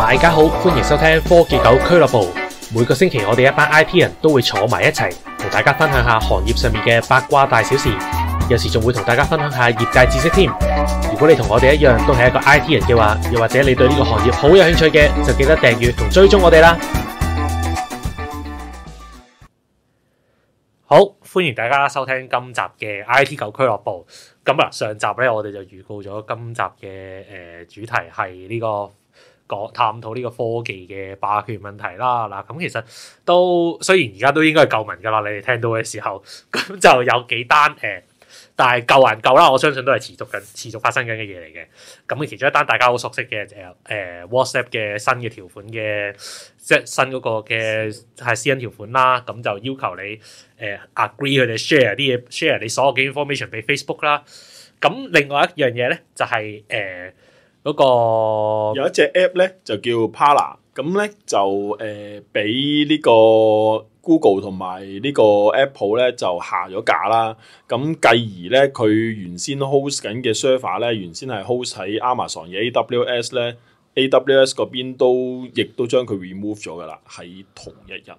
大家好，歡迎收聽科技狗俱樂部。每個星期我哋一班 IT 人都會坐埋一齊，同大家分享下行業上面嘅八卦大小事，有時仲會同大家分享下業界知識添。如果你同我哋一樣都係一個 IT 人嘅話，又或者你對呢個行業好有興趣嘅，就記得訂閱同追蹤我哋啦。好，歡迎大家收聽今集嘅 IT 狗俱樂部。咁啊，上集呢我哋就預告咗今集嘅誒主題係呢個。講探討呢個科技嘅霸權問題啦，嗱咁其實都雖然而家都應該係舊聞噶啦，你哋聽到嘅時候，咁 就有幾單誒、呃，但係舊還舊啦，我相信都係持續緊、持續發生緊嘅嘢嚟嘅。咁其中一單大家好熟悉嘅誒誒 WhatsApp 嘅新嘅條款嘅，即係新嗰個嘅係私隱條款啦。咁就要求你誒 agree 佢哋 share 啲嘢，share 你所有嘅 information 俾 Facebook 啦。咁另外一樣嘢咧就係、是、誒。呃嗰、那個有一隻 app 咧就叫 Parler，咁咧就誒俾、呃、呢個 Google 同埋呢個 Apple 咧就下咗架啦，咁繼而咧佢原先 host 緊嘅 server 咧原先係 host 喺 Amazon 嘅 AWS 咧，AWS 嗰邊都亦都將佢 remove 咗噶啦，喺同一日。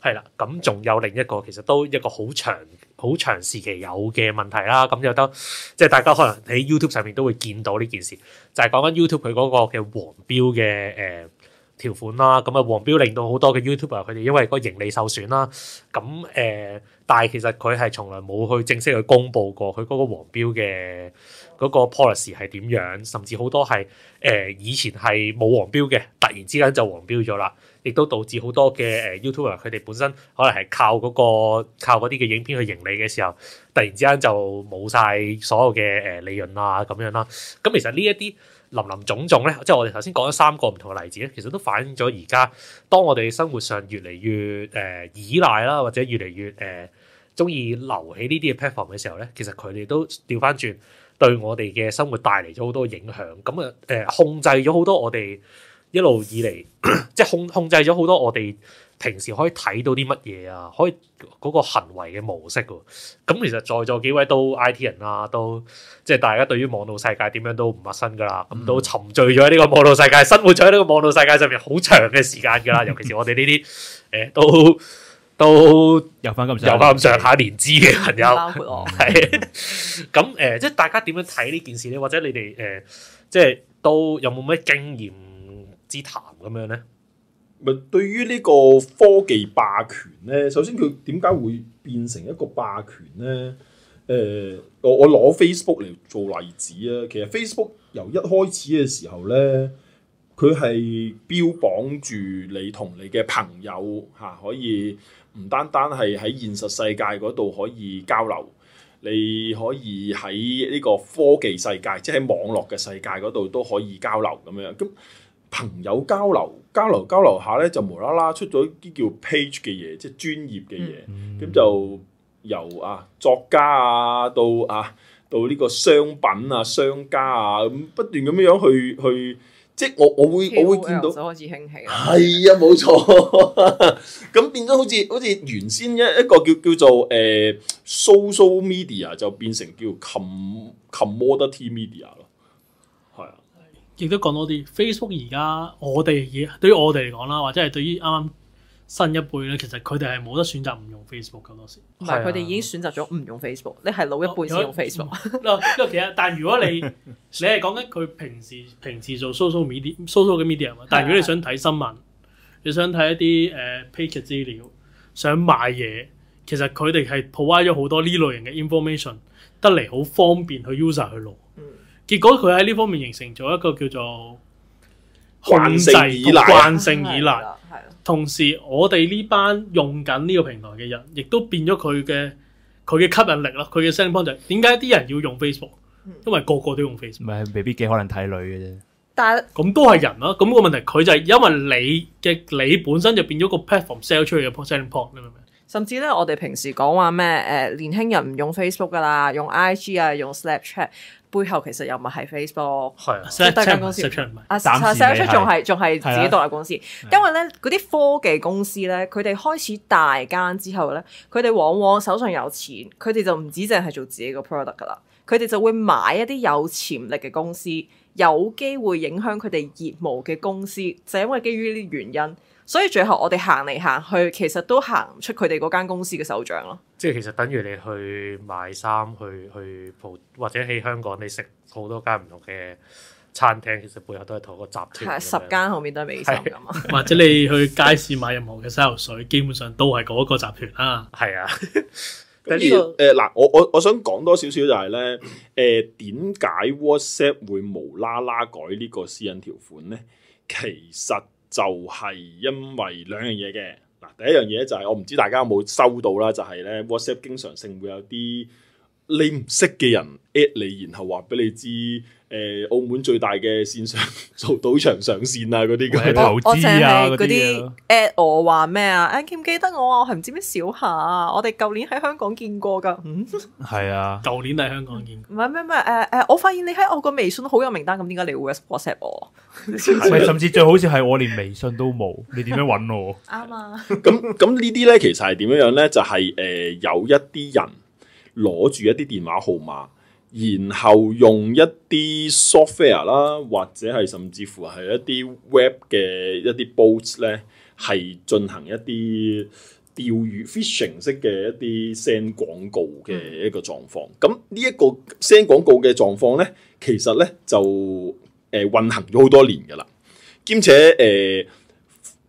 係啦，咁仲有另一個，其實都一個好長、好長時期有嘅問題啦。咁有得即係大家可能喺 YouTube 上面都會見到呢件事，就係、是、講緊 YouTube 佢嗰個嘅黃標嘅誒、呃、條款啦。咁啊，黃標令到好多嘅 YouTuber 佢哋因為個盈利受損啦。咁誒、呃，但係其實佢係從來冇去正式去公佈過佢嗰個黃標嘅嗰個 policy 係點樣，甚至好多係誒、呃、以前係冇黃標嘅，突然之間就黃標咗啦。亦都導致好多嘅誒 YouTuber 佢哋本身可能係靠嗰個、靠嗰啲嘅影片去盈利嘅時候，突然之間就冇晒所有嘅誒利潤啊咁樣啦。咁其實呢一啲林林種種咧，即係我哋頭先講咗三個唔同嘅例子咧，其實都反映咗而家當我哋生活上越嚟越誒、呃、依賴啦，或者越嚟越誒中意留喺呢啲嘅 platform 嘅時候咧，其實佢哋都調翻轉對我哋嘅生活帶嚟咗好多影響，咁啊誒控制咗好多我哋。一路以嚟，即係控控制咗好多我哋平時可以睇到啲乜嘢啊，可以嗰個行為嘅模式嘅。咁其實在座幾位都 IT 人啦，都即係大家對於網絡世界點樣都唔陌生噶啦。咁都沉醉咗喺呢個網絡世界，生活咗喺呢個網絡世界上面好長嘅時間噶啦。尤其是我哋呢啲誒，都都有翻咁有翻咁上下年資嘅朋友。係咁誒，即係大家點樣睇呢件事咧？或者你哋誒，即係都有冇咩經驗？之談咁樣咧，咪對於呢個科技霸權咧，首先佢點解會變成一個霸權咧？誒、呃，我我攞 Facebook 嚟做例子啊。其實 Facebook 由一開始嘅時候咧，佢係標榜住你同你嘅朋友吓可以唔單單係喺現實世界嗰度可以交流，你可以喺呢個科技世界，即係喺網絡嘅世界嗰度都可以交流咁樣咁。朋友交流交流交流下咧，就無啦啦出咗一啲叫 page 嘅嘢，即係專業嘅嘢。咁就由啊作家啊到啊到呢個商品啊商家啊咁不斷咁樣樣去去，即係我我會我會見到開始興起。係啊，冇錯，咁變咗好似好似原先一一個叫叫做誒 social media 就變成叫 com commodity media 咯。亦都講多啲，Facebook 而家我哋以對於我哋嚟講啦，或者係對於啱啱新一輩咧，其實佢哋係冇得選擇唔用 Facebook 咁多時的，同埋佢哋已經選擇咗唔用 Facebook。你係老一輩先用 Facebook 的。因為 其實但如果你你係講緊佢平時平時做 social media，social 嘅 media 嘛。但如果你想睇新聞，你，social media, social media, 你想睇的一啲誒 page 嘅資料，想買嘢，其實佢哋係 provide 咗好多呢類型嘅 information 得嚟好方便去 user 去攞。結果佢喺呢方面形成咗一個叫做慣性依賴，慣性依賴係同時，我哋呢班用緊呢個平台嘅人，亦都變咗佢嘅佢嘅吸引力啦。佢嘅 selling point 就係，點解啲人要用 Facebook？因為個個都用 Facebook，係未必嘅，可能睇女嘅啫。但係咁都係人咯。咁個問題，佢就係因為你嘅你本身就變咗個 platform sell 出去嘅 selling point 啦。你明唔明？甚至咧，我哋平時講話咩？誒年輕人唔用 Facebook 噶啦，用 IG 啊，用 Snapchat，背後其實又唔係 Facebook，係啊，即係間公司。啊，Snapchat 仲係仲係自己獨立公司，因為咧嗰啲科技公司咧，佢哋開始大間之後咧，佢哋往往手上有錢，佢哋就唔止淨係做自己個 product 噶啦，佢哋就會買一啲有潛力嘅公司，有機會影響佢哋業務嘅公司，就因為基於呢啲原因。所以最後我哋行嚟行去，其實都行唔出佢哋嗰間公司嘅手掌咯。即係其實等於你去買衫，去去葡或者喺香港你食好多間唔同嘅餐廳，其實背後都係同個集團。係十間後面都係美心噶嘛。或者你去街市買任何嘅洗頭水，基本上都係嗰個集團啦。係啊。跟住誒嗱，我我我想講多少少就係咧，誒點解 WhatsApp 會無啦啦改呢個私隱條款咧？其實。就係因為兩樣嘢嘅嗱，第一樣嘢就係我唔知大家有冇收到啦，就係咧 WhatsApp 經常性會有啲，你唔識嘅人 at 你，然後話俾你知，誒、呃，澳門最大嘅線上做賭場上線啊，嗰啲咁嘅投資啊，嗰啲 at 我話咩啊？你記唔記得我啊，我係唔知咩小夏啊，我哋舊年喺香港見過㗎。係 啊，舊年喺香港見過。唔係咩咩誒誒，我發現你喺我個微信好有名單，咁點解你會 WhatsApp 我？ 甚至最好似係我連微信都冇，你點樣揾我？啱啊、 嗯。咁、嗯、咁、嗯、呢啲咧，其實係點樣樣咧？就係、是、誒、呃，有一啲人。攞住一啲電話號碼，然後用一啲 software 啦，或者係甚至乎係一啲 web 嘅一啲 bots 咧，係進行一啲釣魚 fishing 式嘅一啲 send 廣告嘅一個狀況。咁呢一個 send 廣告嘅狀況咧，其實咧就誒、呃、運行咗好多年㗎啦。兼且誒、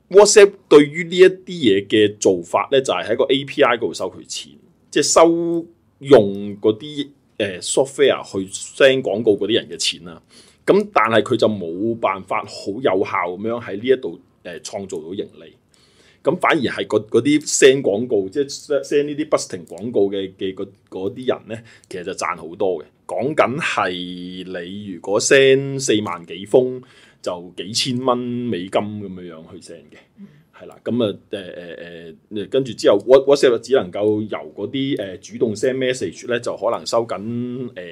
呃、WhatsApp 對於呢一啲嘢嘅做法咧，就係、是、喺個 API 度收佢錢，即係收。用嗰啲誒 software 去 send 廣告嗰啲人嘅錢啦，咁但係佢就冇辦法好有效咁樣喺呢一度誒創造到盈利，咁反而係嗰啲 send 廣告，即係 send 呢啲不停 s 廣告嘅嘅嗰啲人咧，其實就賺好多嘅。講緊係你如果 send 四萬幾封，就幾千蚊美金咁樣樣去 send 嘅。係啦，咁啊誒誒誒，跟、嗯、住、嗯、之後 WhatsApp 只能夠由嗰啲誒主動 send message 咧，就可能收緊誒、呃、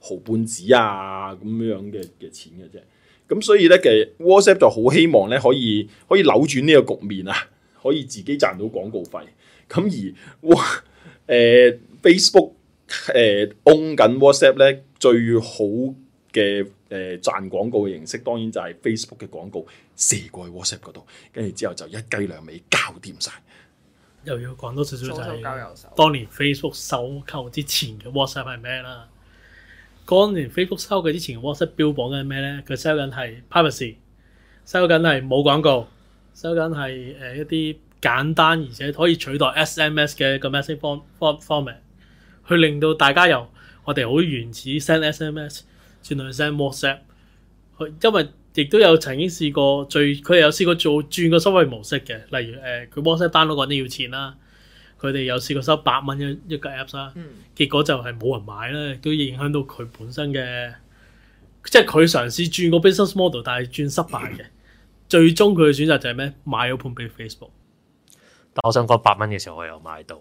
毫半子啊咁樣嘅嘅錢嘅啫。咁所以咧其實 WhatsApp 就好希望咧可以可以扭轉呢個局面啊，可以自己賺到廣告費。咁、嗯、而 w、呃、Facebook 誒 own 緊 WhatsApp 咧最好嘅。誒賺廣告嘅形式，當然就係 Facebook 嘅廣告射過去 WhatsApp 嗰度，跟住之後就一雞兩尾搞掂晒。又要講多少少就係當年 Facebook 收購之前嘅 WhatsApp 係咩啦？當年 Facebook 收購之前嘅 WhatsApp 標榜嘅係咩咧？佢 sell 緊係 privacy，sell 緊係冇廣告，sell 緊係誒一啲簡單而且可以取代 SMS 嘅一個 message format，去令到大家由我哋好原始 send SMS。轉去 send WhatsApp，佢因為亦都有曾經試過最，佢哋有試過做轉個收費模式嘅，例如誒佢、呃、WhatsApp download 嗰啲要錢啦，佢哋有試過收八蚊一一個 apps 啦，結果就係冇人買啦，都影響到佢本身嘅，即係佢嘗試轉個 business model，但係轉失敗嘅，最終佢嘅選擇就係咩？買咗盤俾 Facebook。但係我想講八蚊嘅時候，我又買到。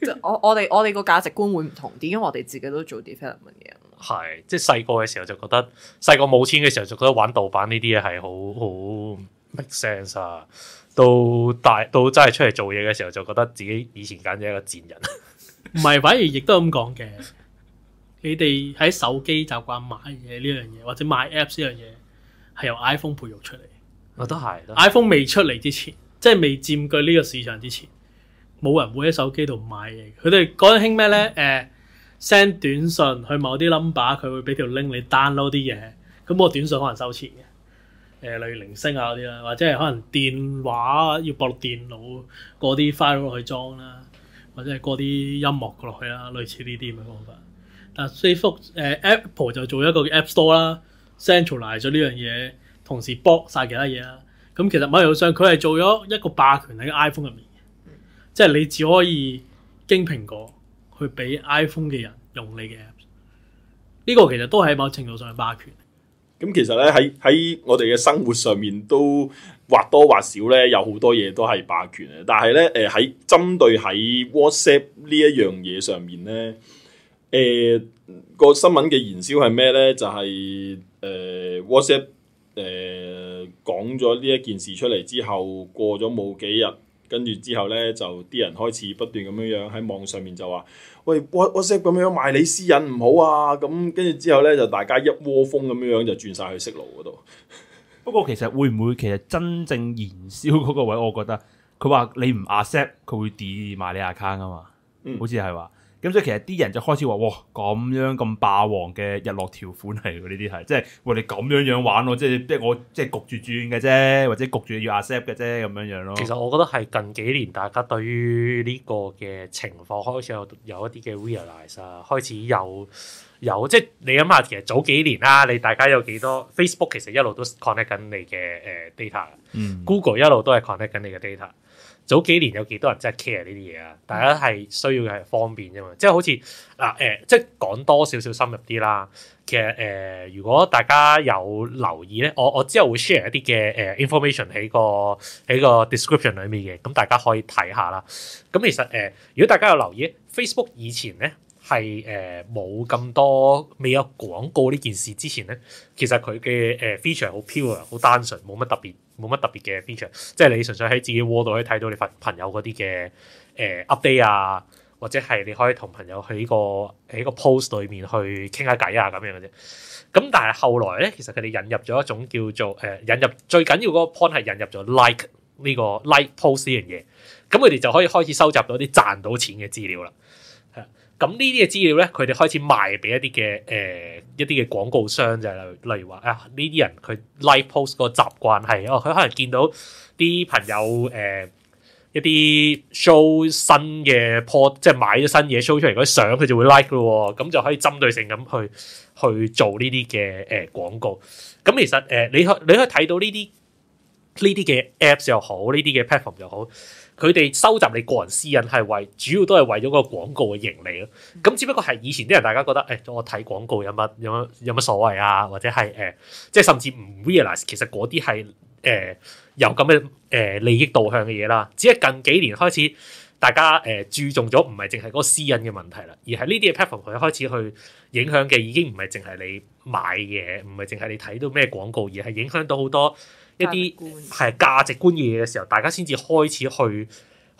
我我哋我哋個價值觀會唔同，點解我哋自己都做 development 嘅？係，即係細個嘅時候就覺得，細個冇錢嘅時候就覺得玩盜版呢啲嘢係好好 make sense 啊！到大到真係出嚟做嘢嘅時候，就覺得自己以前簡直係一個賤人。唔係，反而亦都咁講嘅。 你哋喺手機習慣買嘢呢樣嘢，或者買 apps 呢樣嘢，係由 iPhone 培育出嚟。我都係。iPhone 未出嚟之前，即係未佔據呢個市場之前，冇人會喺手機度買嘢。佢哋嗰陣興咩咧？誒、嗯。send 短信去某啲 number，佢會俾條 link 你 download 啲嘢，咁我短信可能收錢嘅，誒、呃、例如鈴聲啊嗰啲啦，或者係可能電話要駁落電腦過啲 file 落去裝啦，或者係過啲音樂落去啦，類似呢啲咁嘅方法。但係 Facebook 誒 Apple 就做一個 app store 啦，centralize 咗呢樣嘢，同時 block 曬其他嘢啦。咁其實某程度上佢係做咗一個霸權喺 iPhone 入面，即係你只可以經蘋果，去俾 iPhone 嘅人用你嘅 Apps，呢個其實都係某程度上係霸權。咁其實咧喺喺我哋嘅生活上面都或多或少咧有好多嘢都係霸權啊！但係咧誒喺針對喺 WhatsApp 呢一樣嘢上面咧，誒、呃、個新聞嘅燃燒係咩咧？就係、是、誒、呃、WhatsApp 誒講咗呢一件事出嚟之後，過咗冇幾日，跟住之後咧就啲人開始不斷咁樣樣喺網上面就話。喂，what WhatsApp 咁樣賣你私隱唔好啊？咁跟住之後咧，就大家一窩蜂咁樣樣就轉晒去 Signal 嗰度。 不過其實會唔會其實真正燃燒嗰個位？我覺得佢話你唔 accept，佢會 delete 埋你 account 啊嘛。嗯，好似係話。咁即係其實啲人就開始話：哇，咁樣咁霸王嘅日落條款嚟嘅呢啲係，即係，喂，你咁樣樣玩咯，即係即係我即係焗住轉嘅啫，或者焗住要 accept 嘅啫咁樣樣咯。其實我覺得係近幾年大家對於呢個嘅情況開始有有一啲嘅 realize 啊，開始有有即係你諗下，其實早幾年啦、啊，你大家有幾多 Facebook 其實一路都 connect 緊你嘅誒 data，Goo、嗯、gle 一路都係 connect 緊你嘅 data。早幾年有幾多人真係 care 呢啲嘢啊？大家係需要嘅，係方便啫嘛，即係好似嗱誒，即係講多少少深入啲啦。其實誒、呃，如果大家有留意咧，我我之後會 share 一啲嘅誒 information 喺個喺個 description 裏面嘅，咁大家可以睇下啦。咁其實誒、呃，如果大家有留意，Facebook 以前咧。係誒冇咁多未有廣告呢件事之前咧，其實佢嘅誒 feature 好 pure 好單純，冇乜特別冇乜特別嘅 feature，即係你純粹喺自己 wall 度可以睇到你朋朋友嗰啲嘅誒 update 啊，或者係你可以同朋友喺、這個喺、這個 post 裏面去傾下偈啊咁樣嘅啫。咁但係後來咧，其實佢哋引入咗一種叫做誒、呃、引入最緊要嗰個 point 係引入咗 like 呢個 like post 呢樣嘢，咁佢哋就可以開始收集到啲賺到錢嘅資料啦。咁呢啲嘅資料咧，佢哋開始賣俾一啲嘅誒一啲嘅廣告商就係例如話啊，呢啲人佢 like post 個習慣係哦，佢可能見到啲朋友誒、呃、一啲 show 新嘅 po 即係買咗新嘢 show 出嚟嗰啲相，佢就會 like 咯，咁就可以針對性咁去去做呢啲嘅誒廣告。咁其實誒你可你可以睇到呢啲呢啲嘅 apps 又好，呢啲嘅 platform 又好。佢哋收集你個人私隱係為主要都係為咗個廣告嘅盈利咯。咁只不過係以前啲人大家覺得，誒、哎、我睇廣告有乜有乜有乜所謂啊？或者係誒、呃，即係甚至唔 realize 其實嗰啲係誒由咁嘅誒利益導向嘅嘢啦。只係近幾年開始，大家誒、呃、注重咗唔係淨係嗰個私隱嘅問題啦，而係呢啲嘅 platform 佢開始去影響嘅已經唔係淨係你買嘢，唔係淨係你睇到咩廣告，而係影響到好多，一啲係價值觀嘅嘢嘅時候，大家先至開始去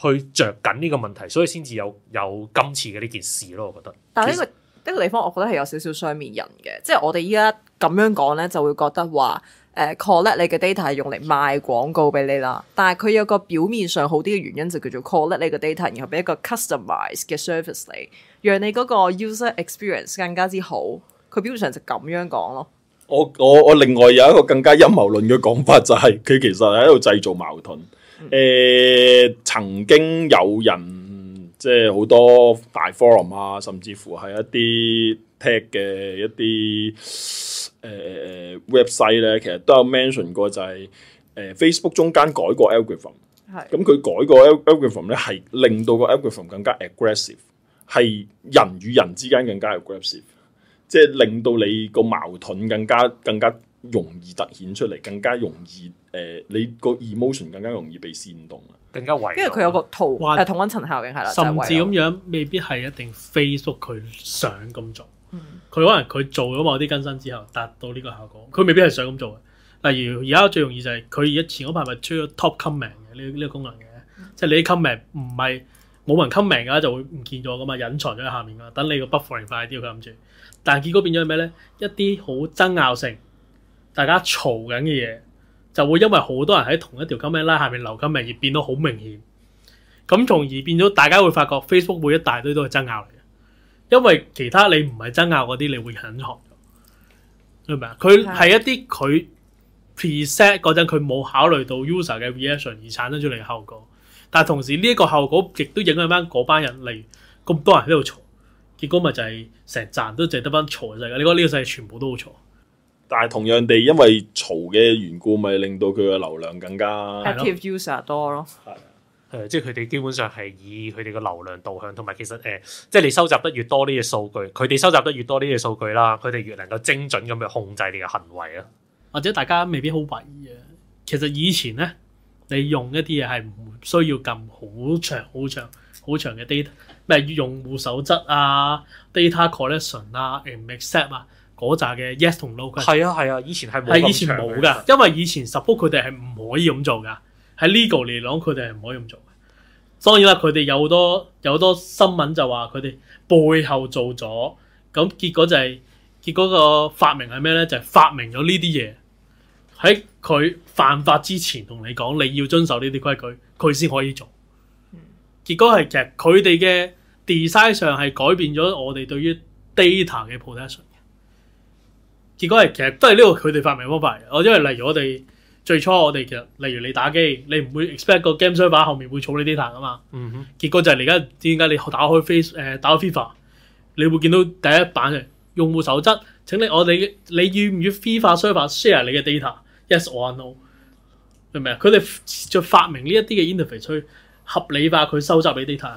去着緊呢個問題，所以先至有有今次嘅呢件事咯。我覺得，但係呢個呢個地方，我覺得係有少少雙面人嘅。即係我哋依家咁樣講咧，就會覺得話，誒，呃，collect 你嘅 data 係用嚟賣廣告俾你啦。但係佢有個表面上好啲嘅原因，就叫做 collect 你嘅 data，然後俾一個 customized 嘅 service 你，讓你嗰個 user experience 更加之好。佢表面上就咁樣講咯。我我我另外有一個更加陰謀論嘅講法，就係佢其實喺度製造矛盾。誒、嗯呃、曾經有人即係好多大 forum 啊，甚至乎係一啲 tech 嘅一啲誒、呃、website 咧，其實都有 mention 過、就係，就係誒 Facebook 中間改過 algorithm 是。係咁，佢改個 algorithm 咧，係令到個 algorithm 更加 aggressive，係人與人之間更加 aggressive。即係令到你個矛盾更加更加容易凸顯出嚟，更加容易誒、呃，你個 emotion 更加容易被煽動啊，更加為因為佢有，後後有個圖誒，者是同溫層效應係啦，甚至咁樣未必係一定 Facebook 佢想咁做，佢可能佢做咗某啲更新之後達到呢個效果，佢未必係想咁做嘅。例如而家最容易就係佢而家前嗰排咪出咗 Top Comment 嘅呢呢個功能嘅，即、就、係、是、你啲 comment 唔係冇人 comment 嘅話就會唔見咗噶嘛，隱藏咗喺下面噶，等你個 buffer 快啲，佢諗住。但結果變咗係咩咧？一啲好爭拗性，大家嘈緊嘅嘢，就會因為好多人喺同一條 comment line 下面留 comment，而變到好明顯。咁，從而變咗大家會發覺 Facebook 每一大堆都係爭拗嚟嘅，因為其他你唔係爭拗嗰啲，你會隱藏。明唔明啊？佢係一啲佢 preset 嗰陣，佢冇考慮到 user 嘅 reaction 而產生出嚟嘅效果。但同時呢一個效果，亦都影響翻嗰班人，嚟，咁多人喺度嘈。結果咪就係成日站都淨得翻嘈嘅世，你覺得呢個世界全部都好嘈。但係同樣地，因為嘈嘅緣故，咪令到佢嘅流量更加 active user 多咯對。係對，即係佢哋基本上係以佢哋嘅流量導向，同埋其實誒、呃，即係你收集得越多呢啲數據，佢哋收集得越多呢啲數據啦，佢哋越能夠精準咁去控制你嘅行為啊。或者大家未必好懷疑啊，其實以前咧，你用一啲嘢係唔需要撳好長、好長、好長嘅 data。例如用戶守則啊、data collection 啊、嗯、accept 啊嗰扎嘅 yes 同 no，係啊係啊，以前係冇，係以前冇㗎，因為以前 support 佢哋係唔可以咁做㗎，喺 legal 嚟講佢哋係唔可以咁做。當然啦，佢哋有好多有好多新聞就話佢哋背後做咗，咁結果就係、是、結果個發明係咩咧？就係、是、發明咗呢啲嘢喺佢犯法之前同你講，你要遵守呢啲規矩，佢先可以做。結果係其實佢哋嘅 design 上係改變咗我哋對於 data 嘅 potential 嘅，結果係其實都係呢個佢哋發明方法嚟。我因為例如我哋最初我哋其實例如你打機，你唔會 expect 個 game server 後面會儲你 data 噶嘛。結果就係而家點解你打開 Face 誒打開 Fifa，你會見到第一版嘅用戶守則，請你我哋你要唔要 Fifa server share 你嘅 data？Yes or no？明唔明啊？佢哋就發明呢一啲嘅 interface 去合理化佢收集你 data。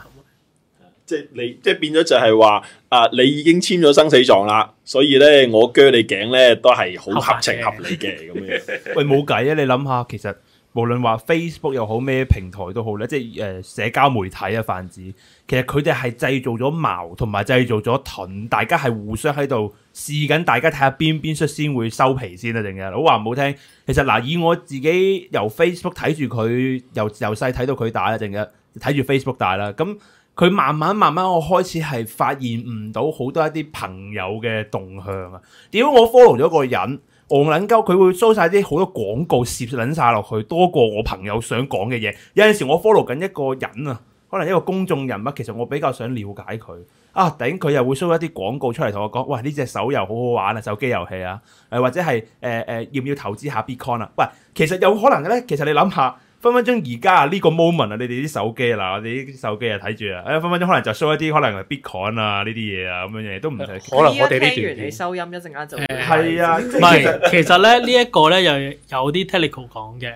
即係你，即係變咗就係話，啊，你已經簽咗生死狀啦，所以咧，我鋸你頸咧都係好合情合理嘅咁樣。 喂，冇計啊！你諗下，其實無論話 Facebook 又好咩平台都好咧，即係誒社交媒體啊，泛指，其實佢哋係製造咗矛，同埋製造咗盾，大家係互相喺度試緊，大家睇下邊邊率先會收皮先啊！定係好話唔好聽，其實嗱，以我自己由 Facebook 睇住佢，由由細睇到佢大啦，定係睇住 Facebook 大啦，咁。佢慢慢慢慢，我開始係發現唔到好多一啲朋友嘅動向啊！屌，我 follow 咗一個人，我撚鳩佢會 show 晒啲好多廣告攝撚晒落去，多過我朋友想講嘅嘢。有陣時我 follow 緊一個人啊，可能一個公眾人物，其實我比較想了解佢啊。頂佢又會 show 一啲廣告出嚟同我講，喂，呢隻手遊好好玩啊，手機遊戲啊，誒、呃、或者係誒誒要唔要投資下 Bitcoin 啊？喂、呃，其實有可能嘅咧，其實你諗下。分分鐘而家啊呢個 moment 啊，你哋啲手機嗱，我哋啲手機啊睇住啊，誒分分鐘可能就 show 一啲可能 Bitcoin 啊呢啲嘢啊咁樣嘢都唔使，可能我哋、啊、聽完，段聽完收音一陣間就係啊，唔係、啊、是其實咧 呢一、呢個咧又有啲 technical 講嘅，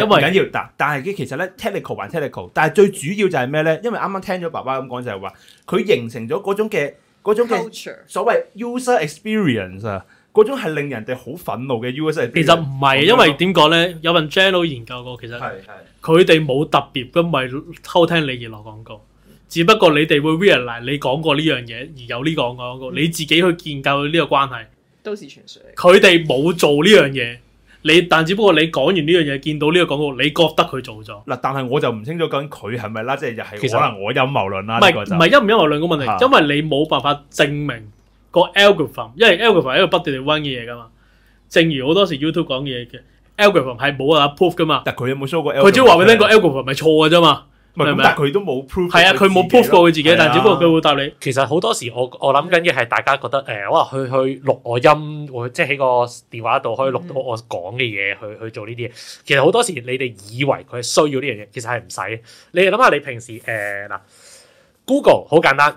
因為緊要、哎、但但係其實咧 technical 還 technical，但係最主要就係咩咧？因為啱啱聽咗爸爸咁講就係話佢形成咗嗰種嘅嗰種嘅所謂 user experience 啊。嗰種係令人哋好憤怒嘅 US，其實唔係，因為點講咧？有份 journal 研究過，其實佢哋冇特別咁咪偷聽你而落廣告，只不過你哋會 realize 你講過呢樣嘢而有呢個廣告，嗯、你自己去建構呢個關係，都是傳説。佢哋冇做呢樣嘢，嗯、你但只不過你講完呢樣嘢，見到呢個廣告，你覺得佢做咗嗱？但係我就唔清楚究竟佢係咪啦，即係又係可能我陰謀論啦。唔係陰唔陰謀論個問題，的因為你冇辦法證明。個 algorithm，因為 algorithm 喺度不斷地溫嘅嘢㗎嘛。正如好多時 YouTube 講嘢嘅 algorithm 係冇啊 proof 㗎嘛。但佢有冇 show 過？佢只係話俾你聽個 algorithm 咪錯㗎啫嘛。但佢都冇 proof。係啊，佢冇 proof 過佢自己，啊、自己但只不過佢會答你。其實好多時我我諗緊嘅係大家覺得誒、呃，哇，佢去錄我音，即係喺個電話度可以錄到我講嘅嘢去去做呢啲嘢。其實好多時你哋以為佢係需要呢樣嘢，其實係唔使。你諗下，你平時誒嗱、呃、Google 好簡單。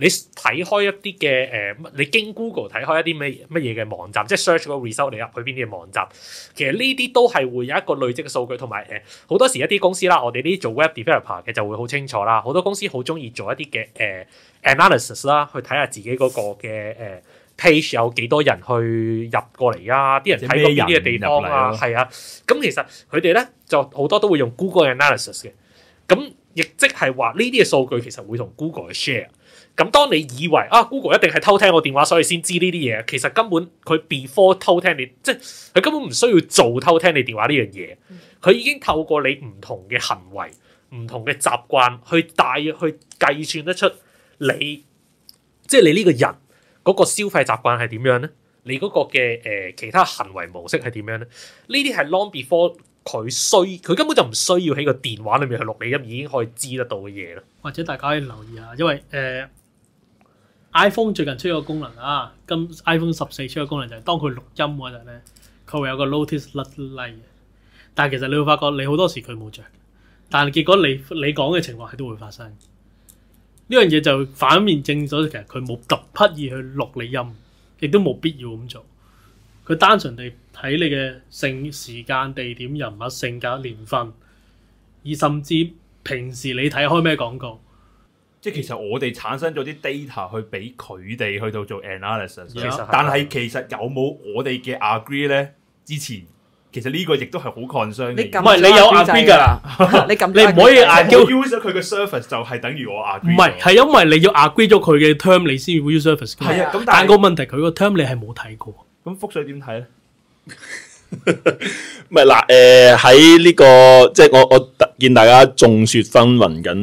你睇開一啲嘅誒，你經 Google 睇開一啲咩乜嘢嘅網站，即係 search 嗰個 result 你入去邊啲嘅網站，其實呢啲都係會有一個累積嘅數據，同埋誒好多時一啲公司啦，我哋呢啲做 web developer 嘅就會好清楚啦。好多公司好中意做一啲嘅誒 analysis 啦，去睇下自己嗰個嘅誒、呃、page 有幾多人去入過嚟啊？啲人睇到邊啲嘅地方啊？係啊，咁其實佢哋咧就好多都會用 Google analysis 嘅，咁亦即係話呢啲嘅數據其實會同 Google share。咁當你以為啊 Google 一定係偷聽我電話，所以先知呢啲嘢，其實根本佢 before 偷聽你，即係佢根本唔需要做偷聽你電話呢樣嘢。佢已經透過你唔同嘅行為、唔同嘅習慣去大去計算得出你，即係你呢個人嗰、那個消費習慣係點樣咧？你嗰個嘅誒、呃、其他行為模式係點樣咧？呢啲係 long before 佢需佢根本就唔需要喺個電話裏面去錄你音，已經可以知得到嘅嘢囉。或者大家可以留意下，因為誒。呃 iPhone 最近出咗個功能啊，今 iPhone 十四出咗個功能就係當佢錄音嗰陣咧，佢會有個 notice l l 甩例嘅。但係其實你會發覺你好多時佢冇着，但係結果你你講嘅情況係都會發生。呢樣嘢就反面證咗，其實佢冇特刻意去錄你音，亦都冇必要咁做。佢單純地睇你嘅性、時間、地點、人物、性格、年份，而甚至平時你睇開咩廣告。即係其實我哋產生咗啲 data 去俾佢哋去到做 analysis，其實但係其實有冇我哋嘅 agree 咧？之前其實呢個亦都係好 confusing 唔係你有 agree 噶，你你唔可以 user 佢嘅 service 就係等於我 agree。唔係係因為你要 agree 咗佢嘅 term 你先要 use service 係啊，咁但係個問題佢個 term 你係冇睇過。咁覆水點睇咧？ 唔係嗱，誒喺呢個即係我我見大家眾說紛紜緊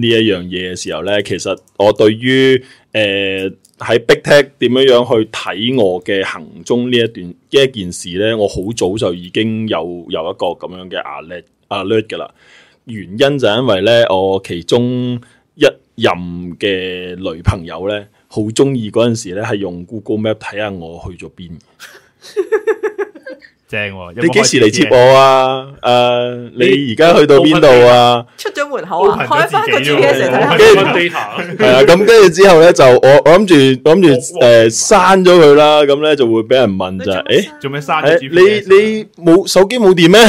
呢一樣嘢嘅時候呢，其實我對於誒喺 Big Tech 點樣樣去睇我嘅行蹤呢一段呢一件事呢，我好早就已經有有一個咁樣嘅壓力壓力嘅啦。原因就係因為呢，我其中一任嘅女朋友呢，好中意嗰陣時呢，係用 Google Map 睇下我去咗邊。 正、啊、有有你幾時嚟接我啊？誒、uh，你而家去到邊度啊？出咗門口啊，開翻個紙嘅時候咁跟住之後咧，就我我諗住諗住誒刪咗佢啦。咁咧就會俾人問就誒做咩刪你你冇手機冇電咩？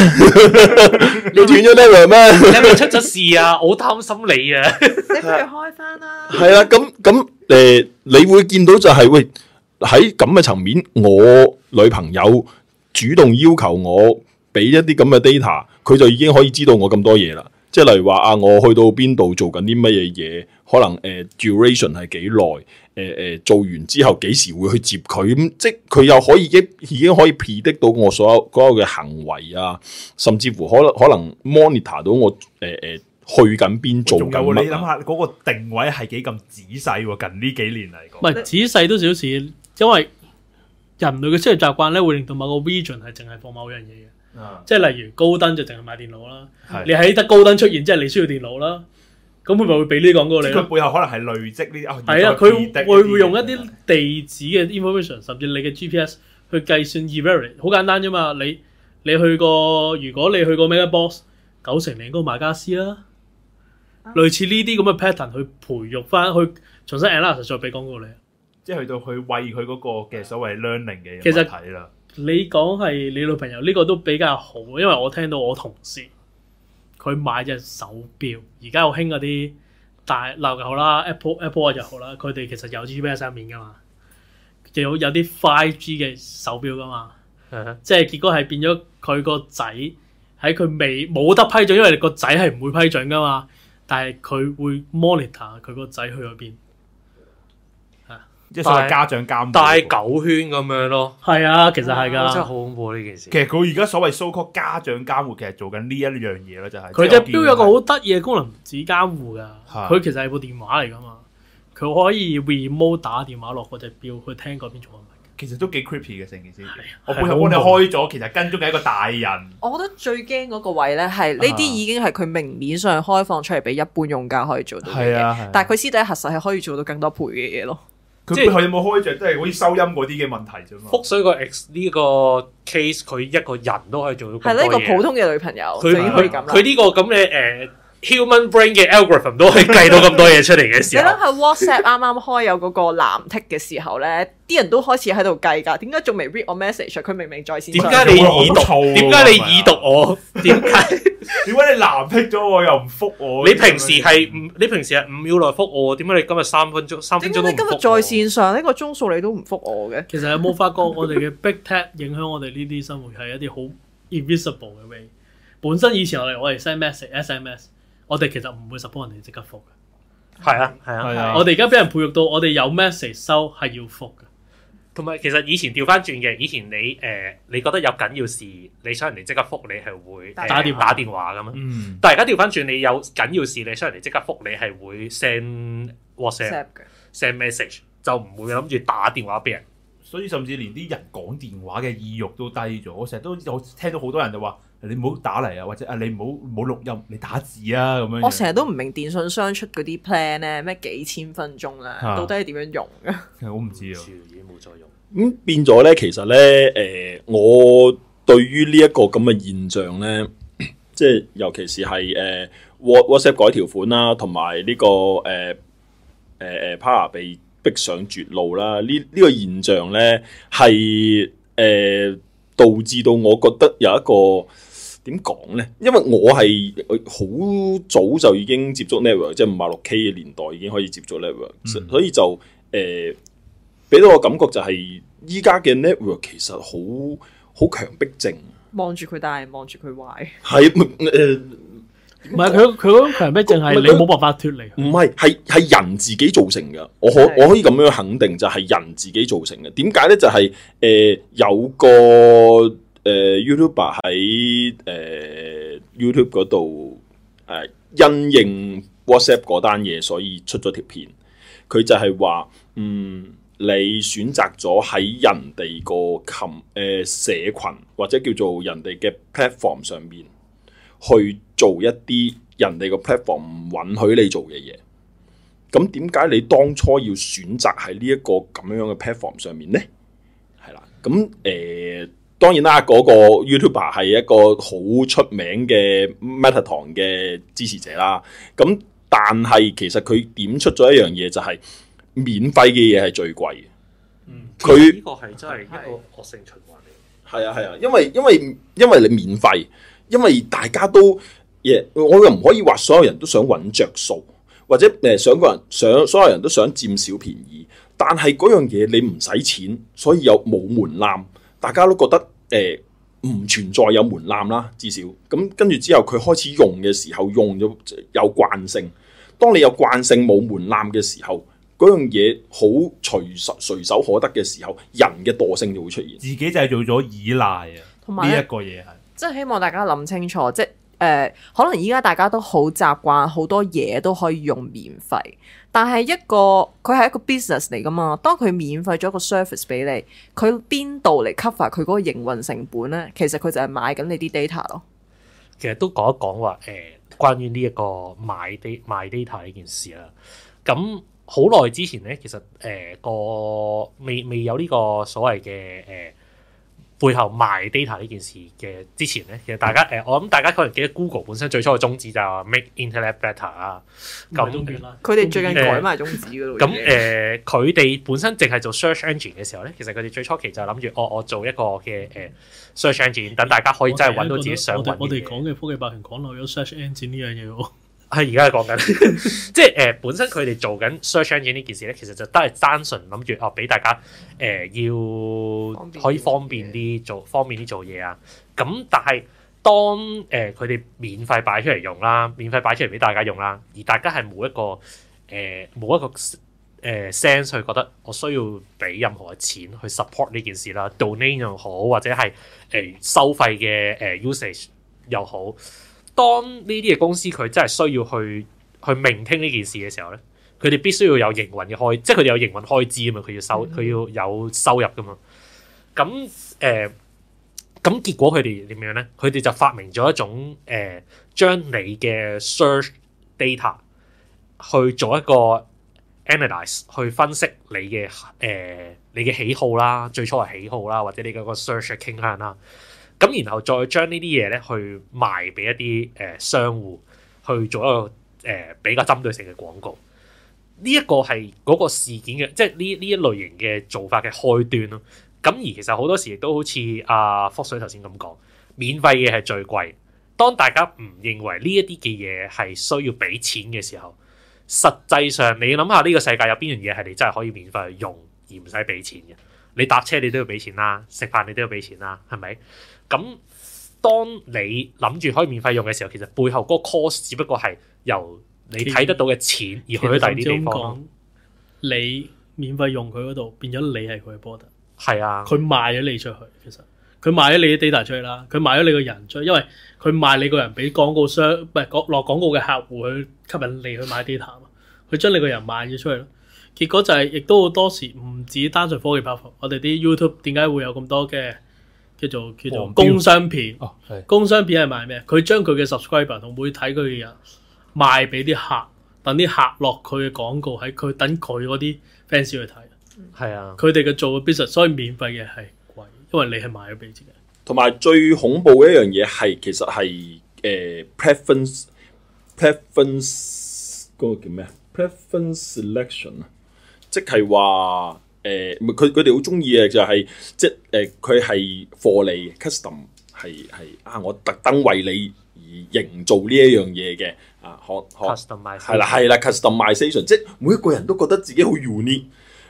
你斷咗 l e 咩？你係咪 出咗事啊？我好擔心你啊！你 不如開翻啦、啊。係啦、 啊，咁咁誒，你會見到就係、是、喂喺咁嘅層面，我女朋友。主動要求我俾一啲咁嘅 data，佢就已經可以知道我咁多嘢啦。即係例如話啊，我去到邊度做緊啲乜嘢嘢，可能誒 duration 係幾耐，誒誒做完之後幾時會去接佢咁，即佢又可以已已經可以 predict 到我所有嗰個嘅行為啊，甚至乎可能可能 monitor 到我誒誒、呃、去緊邊做緊乜。你諗下嗰個定位係幾咁仔細喎？近呢幾年嚟講，唔係仔細都少少，因為。人類嘅消費習慣咧，會令到某個 region 係淨係放某樣嘢嘅，啊、即係例如高登就淨係賣電腦啦。的你喺得高登出現，即係你需要電腦啦。咁佢唔會俾呢啲廣告你。佢背後可能係累積呢啲啊，係啊，佢會用一啲地址嘅 information，的甚至你嘅 GPS 去計算。Every 好簡單啫嘛，你你去過，如果你去過 MegaBox 九成零都賣家私啦，類似呢啲咁嘅 pattern 去培育翻，去重新 analysis 再俾廣告你。即係去到去喂佢嗰個嘅所謂 learning 嘅嘢，其實睇啦。你講係你女朋友呢個都比較好，因為我聽到我同事佢買隻手表，而家又興嗰啲大鬧又好啦，Apple Apple 又好啦，佢哋其實有 GPS 入面噶嘛，又有啲 5G 嘅手表噶嘛。Uh huh. 即係結果係變咗佢個仔喺佢未冇得批准，因為你個仔係唔會批准噶嘛。但係佢會 monitor 佢個仔去嗰邊。即係所謂家長監護，那個，帶狗圈咁樣咯，係啊，其實係噶，啊、真係好恐怖呢件事。其實佢而家所謂 so-called 家長監護，其實做緊呢一樣嘢咯，就係佢隻表有個好得意嘅功能，唔止監護噶，佢其實係部電話嚟噶嘛，佢可以 remote 打電話落嗰隻表去聽嗰邊做乜。其實都幾 creepy 嘅成件事。我背後幫你開咗，其實跟蹤嘅一個大人。我覺得最驚嗰個位咧，係呢啲已經係佢明面上開放出嚟俾一般用家可以做到啊，啊啊但係佢私底下實係可以做到更多倍嘅嘢咯。即係佢有冇開着，即係好似收音嗰啲嘅問題啫嘛。覆水個 x 呢個 case，佢一個人都可以做到咁多嘢。一個普通嘅女朋友，佢可以咁。佢呢、啊、個咁嘅誒。呃 human brain 嘅 algorithm 都可以計到咁多嘢出嚟嘅時候，你諗下 WhatsApp 啱啱開有嗰個藍剔嘅時候咧，啲人都開始喺度計㗎。點解仲未 read 我 message？佢明明在線上。點解你已讀？點解你已讀我？點解點解你藍剔咗我又唔覆我？你平時係唔你平時係五秒內覆我，點解你今日三分鐘三分鐘都唔覆我？點解你今日在線上呢個鐘數你都唔覆我嘅？其實有冇發覺我哋嘅 big tech 影響我哋呢啲生活係一啲好 invisible 嘅 way。本身以前我哋我哋 send message S M S。 我哋其實唔會 support 人哋即刻覆嘅，係啊，係、嗯、啊，嗯、 啊。我哋而家俾人培育到，我哋有 message 收係要覆嘅，同埋、啊啊啊、其實以前調翻轉嘅，以前你誒、呃、你覺得有緊要事，你想人哋即刻覆你係會、呃、打電話、打電話咁啊，嗯、但係而家調翻轉，你有緊要事，你想人哋即刻覆你係會 send WhatsApp 嘅，send message 就唔會諗住打電話俾人，所以甚至連啲人講電話嘅意欲都低咗。我成日都我聽到好多人就話。你唔好打嚟啊，或者啊，你唔好唔好錄音，你打字啊咁樣。我成日都唔明電信商出嗰啲 plan 咧，咩幾千分鐘啦、啊，啊、到底係點樣用嘅、啊？我唔知啊，已經冇再用。咁變咗咧，其實咧，誒、呃，我對於呢一個咁嘅現象咧，即、就、係、是、尤其是係誒、呃、WhatsApp 改條款啦、啊，同埋呢個誒誒誒 partner 被逼上絕路啦、啊，呢、這、呢個現象咧係誒導致到我覺得有一個。點講咧？因為我係好早就已經接觸 network，即係五十六 K 嘅年代已經可以接觸 network，、嗯、所以就誒俾到我感覺就係依家嘅 network 其實好好強迫症，望住佢大，望住佢壞，係誒唔係佢佢嗰種強迫症係你冇辦法脫離，唔係係係人自己造成嘅，我可的我可以咁樣肯定就係人自己造成嘅。點解咧？就係、是、誒、呃、有個。誒、uh,，YouTuber 喺誒、uh, YouTube 嗰度誒，uh, 因應 WhatsApp 嗰單嘢，所以出咗條片。佢就係話，嗯，你選擇咗喺人哋個群誒社群，或者叫做人哋嘅 platform 上面去做一啲人哋個 platform 唔允許你做嘅嘢。咁點解你當初要選擇喺呢一個咁樣嘅 platform 上面咧？係啦，咁誒。Uh, 當然啦，嗰、那個 YouTuber 係一個好出名嘅 Meta 堂嘅支持者啦。咁但係其實佢點出咗一樣嘢，就係免費嘅嘢係最貴嘅。嗯，佢呢個係真係一個惡性循環嚟。係啊，係啊，啊，因為因為因為你免費，因為大家都 yeah, 我又唔可以話所有人都想揾着數，或者誒想個人想所有人都想佔小便宜。但係嗰樣嘢你唔使錢，所以又冇門檻，大家都覺得。誒，唔存在有門檻啦，至少咁跟住之後，佢開始用嘅時候用咗有慣性。當你有慣性冇門檻嘅時候，嗰樣嘢好隨手隨手可得嘅時候，人嘅惰性就會出現，自己就製造咗依賴啊。呢一個嘢係，即係希望大家諗清楚，即誒、呃，可能依家大家都好習慣，好多嘢都可以用免費。但係一個佢係一個 business 嚟噶嘛，當佢免費咗個 service 俾你，佢邊度嚟 cover 佢嗰個營運成本咧？其實佢就係買緊你啲 data 咯。其實都講一講話，誒、呃，關於呢一個買啲買 data 呢件事啦。咁好耐之前咧，其實誒、呃、個未未有呢個所謂嘅誒。呃背後賣 data 呢件事嘅之前咧，其實大家誒，嗯、我諗大家可能記得 Google 本身最初嘅宗旨就係 make internet better 啊。舊宗旨。佢哋、嗯、最近改埋宗旨嗰度。咁誒，佢哋、嗯嗯嗯呃、本身淨係做 search engine 嘅時候咧，其實佢哋最初期就諗住我我做一個嘅誒 search engine，等大家可以真係揾到自己想揾嘅嘢。我哋講嘅科技霸權講漏咗 search engine 呢樣嘢喎。係而家係講緊，在在 即係誒、呃、本身佢哋做緊 search engine 呢件事咧，其實就都係單純諗住哦，俾大家誒、呃、要可以方便啲做方便啲做嘢啊。咁但係當誒佢哋免費擺出嚟用啦，免費擺出嚟俾大家用啦，而大家係冇一個誒冇、呃、一個誒 sense 去覺得我需要俾任何嘅錢去 support 呢件事啦，donate 又好，或者係誒、呃、收費嘅誒、呃、usage 又好。當呢啲嘅公司佢真係需要去去聆聽呢件事嘅時候咧，佢哋必須要有營運嘅開，即係佢哋有營運開支啊嘛，佢要收佢要有收入噶嘛。咁誒，咁、呃、結果佢哋點樣咧？佢哋就發明咗一種誒、呃，將你嘅 search data 去做一個 analyze 去分析你嘅誒、呃、你嘅喜好啦，最初係喜好啦，或者你嗰個 search 嘅傾向啦。咁然後再將呢啲嘢咧去賣俾一啲誒商戶去做一個誒比較針對性嘅廣告。呢一個係嗰個事件嘅，即係呢呢一類型嘅做法嘅開端咯。咁而其實好多時亦都好似阿、啊、福水頭先咁講，免費嘅係最貴。當大家唔認為呢一啲嘅嘢係需要俾錢嘅時候，實際上你諗下呢個世界有邊樣嘢係你真係可以免費用而唔使俾錢嘅？你搭車你都要俾錢啦，食飯你都要俾錢啦，係咪？咁，當你諗住可以免費用嘅時候，其實背後嗰個 cost 只不過係由你睇得到嘅錢而去去第二啲地方。你免費用佢嗰度，變咗你係佢嘅波特。係啊，佢賣咗你出去，其實佢賣咗你啲 data 出去啦，佢賣咗你個人出去，因為佢賣你個人俾廣告商，唔係落廣告嘅客戶去吸引你去買 data 嘛，佢將你個人賣咗出去。結果就係亦都好多時唔止單純科技包袱，我哋啲 YouTube 點解會有咁多嘅？叫做叫做工商片，哦、工商片係賣咩？佢將佢嘅 subscriber 同會睇佢嘅人賣俾啲客，等啲客落佢嘅廣告喺佢等佢嗰啲 fans 去睇。係啊的，佢哋嘅做嘅 business，所以免費嘅係貴，因為你係賣咗俾自己。同埋最恐怖嘅一樣嘢係，其實係誒、呃、preference preference 嗰個叫咩啊？preference selection 啊，即係話。誒，佢佢哋好中意嘅就係、是、即係誒，佢係貨你 custom 係係啊，我特登為你而營造呢一樣嘢嘅啊，學學係啦係啦 customisation，即係每一個人都覺得自己好 unique，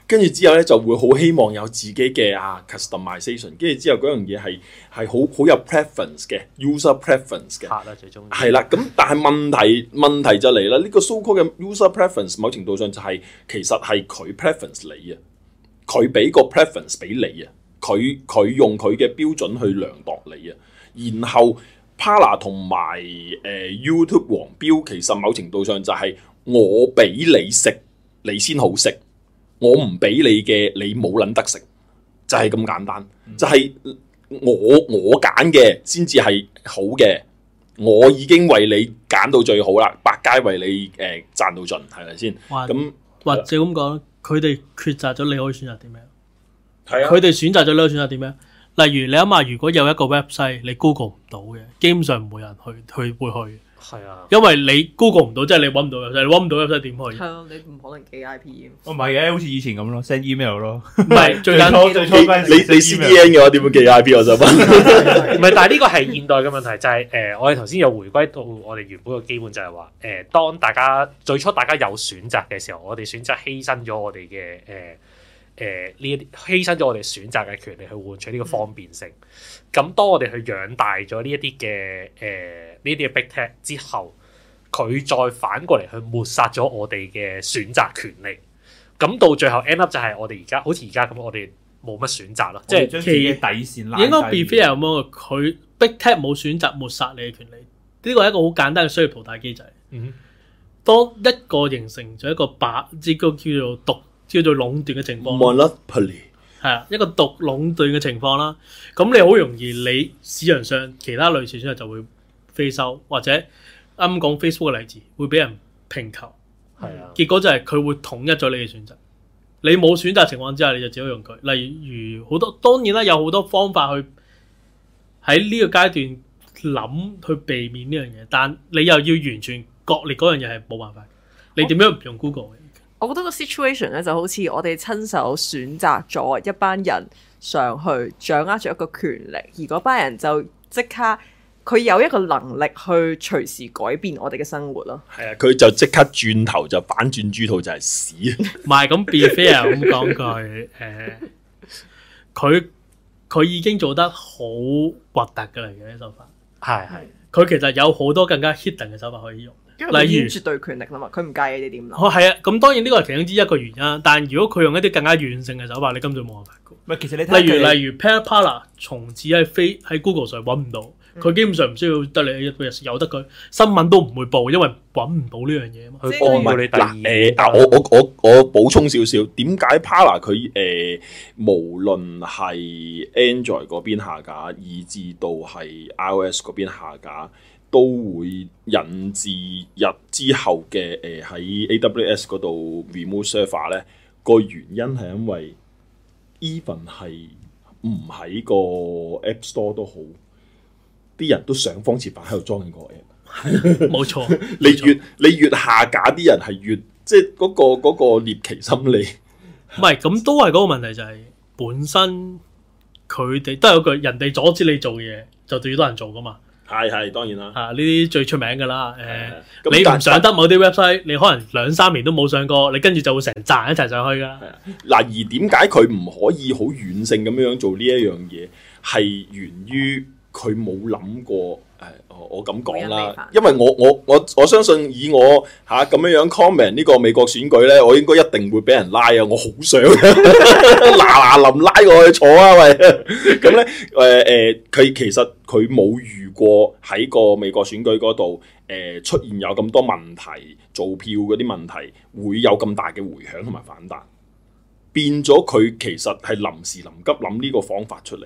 跟住之後咧就會好希望有自己嘅啊 customisation，跟住之後嗰樣嘢係係好好有 preference 嘅 user preference 嘅，客啦、啊、最中意係啦，咁但係問題問題就嚟啦，呢、這個 so-called user preference 某程度上就係、是、其實係佢 preference 你啊。佢俾個 preference 俾你啊！佢佢用佢嘅標準去量度你啊，然後 Parla 同埋誒、呃、YouTube 黃標，其實某程度上就係我俾你食，你先好食；我唔俾你嘅，你冇撚得食，就係、是、咁簡單。嗯、就係我我揀嘅先至係好嘅，我已經為你揀到最好啦，百佳為你誒賺、呃、到盡，係咪先？咁或者咁講。佢哋抉擇咗，你可以選擇啲咩？佢哋是、啊、選擇咗，你可以選擇啲咩？例如你諗下，如果有一個 website 你 Google 唔到嘅，基本上唔會有人去去會去。係啊，因為你 Google 唔到，即係你搵唔到入去，你搵唔到入去點去？係啊，你唔可能記 I P 嘅。哦，唔係嘅，好似以前咁咯，send email 咯，唔 係最初最初你你，你 C D N 嘅話，點會記 I P？我就問，唔 係， 但係呢個係現代嘅問題，就係、是、誒、呃，我哋頭先又回歸到我哋原本嘅基本，就係話誒，當大家最初大家有選擇嘅時候，我哋選擇犧牲咗我哋嘅誒誒呢一啲犧牲咗我哋選擇嘅權利去換取呢個方便性。咁、嗯、當我哋去養大咗呢一啲嘅誒。呃呢啲嘅 Big Tech 之後，佢再反過嚟去抹殺咗我哋嘅選擇權利。咁到最後 end up 就係我哋而家好似而家咁，我哋冇乜選擇咯。即係將自己底線拉。應該 be fair 咁佢 Big Tech 冇選擇抹殺你嘅權利，呢個係一個好簡單嘅商業淘汰機制。嗯、mm，當、hmm. 一個形成咗一個把，即個叫做獨叫做壟斷嘅情況。Monopoly 係啊，一個獨壟斷嘅情況啦。咁你好容易，你市場上其他類似選擇就會。Face 或者啱啱講 Facebook 嘅例子，會俾人評級，的結果就係佢會統一咗你嘅選擇。你冇選擇情況之下，你就只可用佢。例如好多，當然啦，有好多方法去喺呢個階段諗去避免呢樣嘢，但你又要完全割裂嗰樣嘢係冇辦法。你點樣唔用 Google 嘅？我覺得個 situation 咧就好似我哋親手選擇咗一班人上去掌握咗一個權力，而嗰班人就即刻。佢有一個能力去隨時改變我哋嘅生活咯。係啊，佢就即刻轉頭就反轉豬肚就係、是、屎。唔係咁，be fair 咁講句，誒、呃，佢佢已經做得好核突嘅嚟嘅手法。係係，佢其實有好多更加 hidden 嘅手法可以用。例如絕對權力啦嘛，佢唔如介意你點諗。哦，係啊，咁當然呢個係其中之一個原因。但如果佢用一啲更加軟性嘅手法，你根本冇辦法估。其實你看看例如他例如 pear p a r l o 從此係飛喺 Google 上揾唔到。佢基本上唔需要得你一個日有得佢，新聞都唔會報，因為揾唔到呢樣嘢啊嘛。即係唔係嗱？誒、嗯，但係、啊呃、我我我我補充少少點解 Pala 佢誒，無論係 Android 嗰邊下架，以至到係 iOS 嗰邊下架，都會引致入之後嘅誒喺 AWS 嗰度 remove server 咧，個原因係因為 even 係唔喺個 App Store 都好。啲人都想方設法喺度裝緊個 A，冇錯。 你越沒錯 你越下架啲人，係越即係嗰、那個嗰、那個、獵奇心理。唔係咁都係嗰個問題、就是，就係本身佢哋都有句人哋阻止你做嘢，就對於多人做噶嘛。係係，當然啦。嚇，呢啲最出名噶啦。誒，你唔上得某啲 website，你可能兩三年都冇上過，你跟住就會成紮一齊上去噶。嗱，而點解佢唔可以好軟性咁樣做呢一樣嘢？係源於。佢冇諗過，誒、哎，我我咁講啦，為因為我我我我相信以我嚇咁、啊、樣樣 comment 呢個美國選舉咧，我應該一定會俾人拉啊！我好想嗱嗱臨拉我去坐啊，喂！咁咧， 誒、呃、誒，佢其實佢冇遇過喺個美國選舉嗰度誒出現有咁多問題，造票嗰啲問題會有咁大嘅回響同埋反彈，變咗佢其實係臨時臨急諗呢個方法出嚟。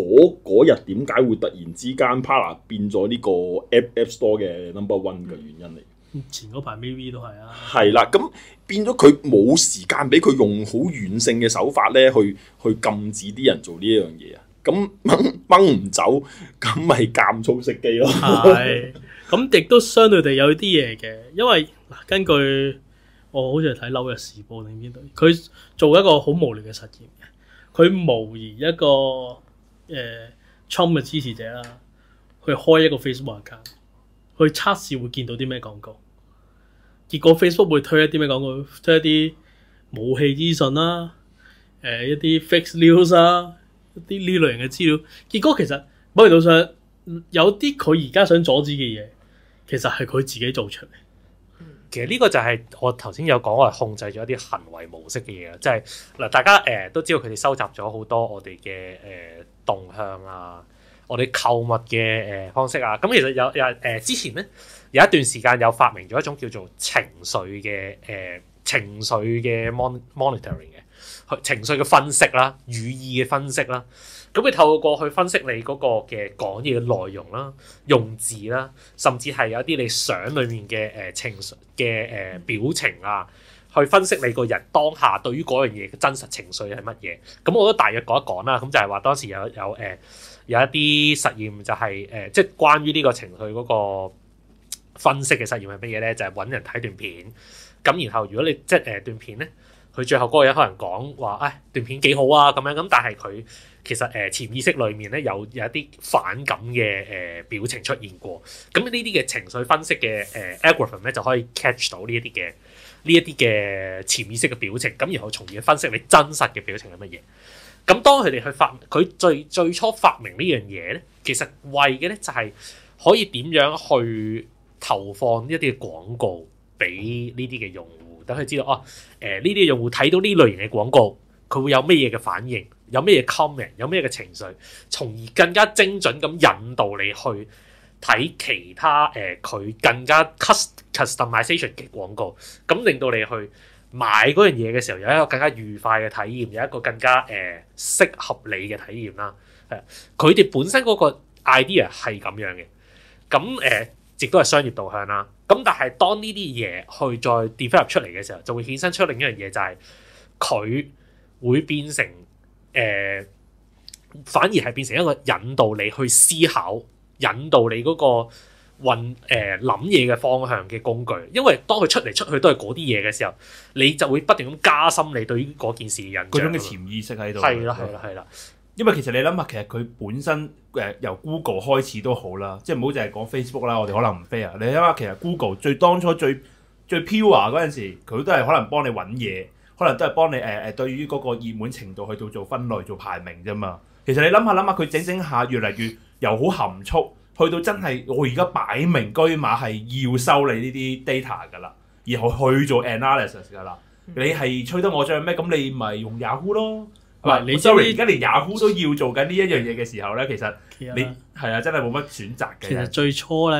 嗰日點解會突然之間 partner 變咗呢個 App App Store 嘅 number one 嘅原因嚟？前嗰排 maybe 都係啊，係啦，咁變咗佢冇時間俾佢用好軟性嘅手法咧，去去禁止啲人做呢一樣嘢啊！咁掹唔走，咁咪間操食機咯。係 ，咁亦都相對地有啲嘢嘅，因為嗱，根據我好似係睇紐約時報定邊度，佢做一個好無聊嘅實驗，佢模擬一個誒 Trump 嘅支持者啦，去開一個 Facebook account，去測試會見到啲咩廣告。結果 Facebook 會推一啲咩廣告？推一啲武器資訊啦、啊，誒、呃、一啲 fake news 啊，一啲呢類型嘅資料。結果其實某程度上，有啲佢而家想阻止嘅嘢，其實係佢自己做出嚟。其實呢個就係我頭先有講我控制咗一啲行為模式嘅嘢啊，即係嗱，大家誒、呃、都知道佢哋收集咗好多我哋嘅誒、呃動向啊，我哋購物嘅誒、呃、方式啊，咁其實有有誒、呃、之前咧有一段時間有發明咗一種叫做情緒嘅誒、呃、情緒嘅 mon monitoring 嘅去情緒嘅分析啦、啊、語意嘅分析啦、啊，咁你透過去分析你嗰個嘅講嘢嘅內容啦、啊、用字啦、啊，甚至係有啲你想裡面嘅誒、呃、情緒嘅誒、呃、表情啊。去分析你個人當下對於嗰樣嘢嘅真實情緒係乜嘢？咁我都大約講一講啦。咁就係話當時有有誒有一啲實驗就係誒即係關於呢個情緒嗰個分析嘅實驗係乜嘢咧？就係揾人睇段片。咁然後如果你即係誒段片咧，佢最後嗰個人可能講話誒段片幾好啊咁樣。咁但係佢其實誒潛意識裏面咧有有一啲反感嘅誒表情出現過。咁呢啲嘅情緒分析嘅誒 algorithm 咧就可以 catch 到呢一啲嘅。呢一啲嘅潛意識嘅表情，咁然後從而分析你真實嘅表情係乜嘢。咁當佢哋去發，佢最最初發明呢樣嘢咧，其實為嘅咧就係可以點樣去投放一啲嘅廣告俾呢啲嘅用戶，等佢知道哦，誒呢啲用戶睇到呢類型嘅廣告，佢會有咩嘢嘅反應，有咩嘢 comment，有咩嘅情緒，從而更加精準咁引導你去睇其他誒佢、呃、更加 customisation 嘅廣告，咁、嗯、令到你去買嗰樣嘢嘅時候，有一個更加愉快嘅體驗，有一個更加誒、呃、適合你嘅體驗啦。誒、嗯，佢哋本身嗰個 idea 係咁樣嘅，咁誒亦都係商業導向啦。咁、嗯、但係當呢啲嘢去再 develop 出嚟嘅時候，就會衍生出另一樣嘢，就是，就係佢會變成誒、呃，反而係變成一個引導你去思考。引導你嗰個揾誒諗嘢嘅方向嘅工具，因為當佢出嚟出去都係嗰啲嘢嘅時候，你就會不斷咁加深你對於嗰件事嘅印象。嗰種嘅潛意識喺度。係啦，係啦，係啦。因為其實你諗下，其實佢本身誒由 Google 開始都好啦，即係唔好淨係講 Facebook 啦，我哋可能唔飛啊。你諗下，其實 Google 最當初最最 pure 嗰陣時，佢都係可能幫你揾嘢，可能都係幫你誒誒、呃、對於嗰個熱門程度去到做分類、做排名啫嘛。其實你諗下，諗下佢整整，整下越嚟越。又好含蓄，去到真係我而家擺明居馬係要收你呢啲 data 㗎啦，然後去做 analysis 㗎啦。嗯、你係吹得我着咩？咁你咪用 Yahoo 咯。唔係，sorry，而家連 Yahoo 都要做緊呢一樣嘢嘅時候咧，其實你係啊，真係冇乜選擇嘅。其實最初咧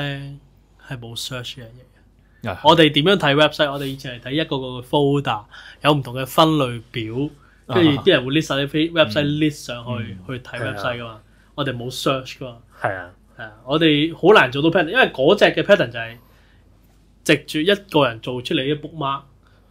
係冇 search 呢 樣嘢，我哋點樣睇 website？我哋以前係睇一個個嘅 folder 有唔同嘅分類表，跟住啲人會 list 啲 website list 上去、嗯嗯、去睇 website 㗎嘛。我哋冇 search 㗎嘛？係啊，係啊，我哋好難做到 pattern，因為嗰隻嘅 pattern 就係藉住一個人做出嚟嘅 bookmark，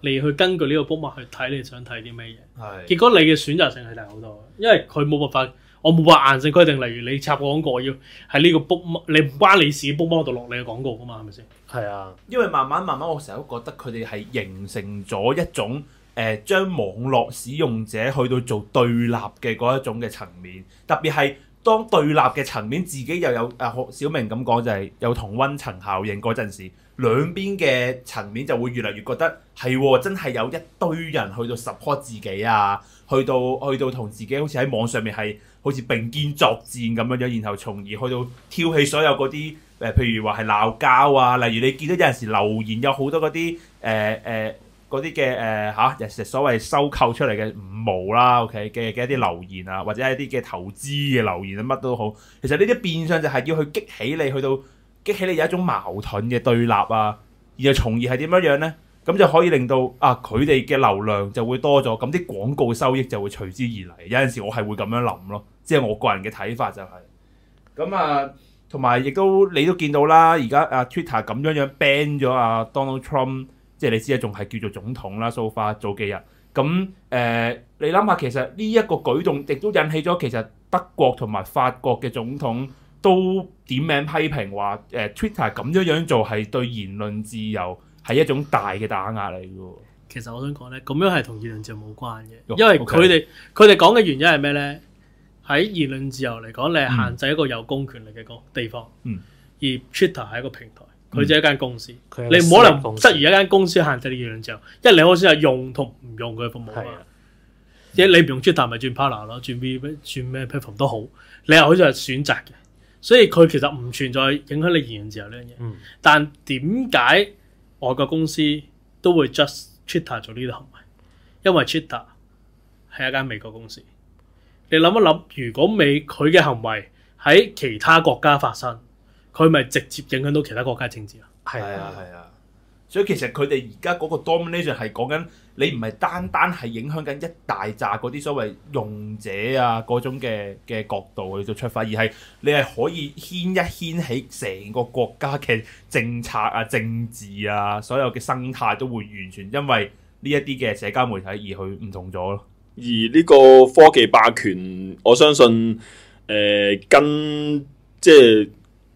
你去根據呢個 bookmark 去睇你想睇啲咩嘢。係啊，結果你嘅選擇性係大好多，因為佢冇辦法，我冇話硬性規定，例如你插廣告要喺呢個 bookmark，你唔關你事嘅 bookmark 度落你嘅廣告㗎嘛，係咪先？係啊，因為慢慢慢慢，我成日都覺得佢哋係形成咗一種誒、呃，將網絡使用者去到做對立嘅嗰一種嘅層面，特別係。當對立嘅層面自己又有誒小明咁講就係、是、有同温層效應嗰陣時，兩邊嘅層面就會越嚟越覺得係真係有一堆人去到 support 自己啊，去到去到同自己好似喺網上面係好似並肩作戰咁樣樣，然後從而去到挑起所有嗰啲誒，譬如話係鬧交啊，例如你見到有陣時留言有好多嗰啲誒誒。呃呃嗰啲嘅誒嚇，其實、啊、所謂收購出嚟嘅五毛啦，OK 嘅嘅一啲留言啊，或者一啲嘅投資嘅留言啊，乜都好。其實呢啲變相就係要去激起你去到激起你有一種矛盾嘅對立啊，而又從而係點樣樣咧？咁就可以令到啊佢哋嘅流量就會多咗，咁啲廣告收益就會隨之而嚟。有陣時我係會咁樣諗咯，即係我個人嘅睇法就係。咁啊，同埋亦都你都見到啦，而家啊 Twitter 咁樣樣 ban 咗啊 Donald Trump。即係你知啦，仲係叫做總統啦，蘇化早幾日咁誒，你諗下，其實呢一個舉動亦都引起咗，其實德國同埋法國嘅總統都點名批評話誒，Twitter 咁樣樣做係對言論自由係一種大嘅打壓嚟嘅。其實我想講咧，咁樣係同言論自由冇關嘅，因為佢哋佢哋講嘅原因係咩咧？喺言論自由嚟講，你係限制一個有公權力嘅個地方，嗯，而 Twitter 係一個平台。佢就一間公司，公司你唔可能質疑一間公司限制你言論自由，因為你可以選擇用同唔用佢嘅服務啊。的即係你唔用 Twitter 咪轉 Parler 咯，轉 w e e 轉咩 Platform 都好，你又好似係選擇嘅。所以佢其實唔存在影響你言論自由呢樣嘢。嗯、但點解外國公司都會 just Twitter 做呢啲行為？因為 Twitter 係一間美國公司。你諗一諗，如果美佢嘅行為喺其他國家發生？佢咪直接影響到其他國家政治啊？係啊，係啊，所以其實佢哋而家嗰個 domination 係講緊你唔係單單係影響緊一大扎嗰啲所謂用者啊、嗰種嘅嘅角度去做出發，而係你係可以牽一牽起成個國家嘅政策啊、政治啊、所有嘅生態都會完全因為呢一啲嘅社交媒體而去唔同咗咯。而呢個科技霸權，我相信誒、呃、跟即係。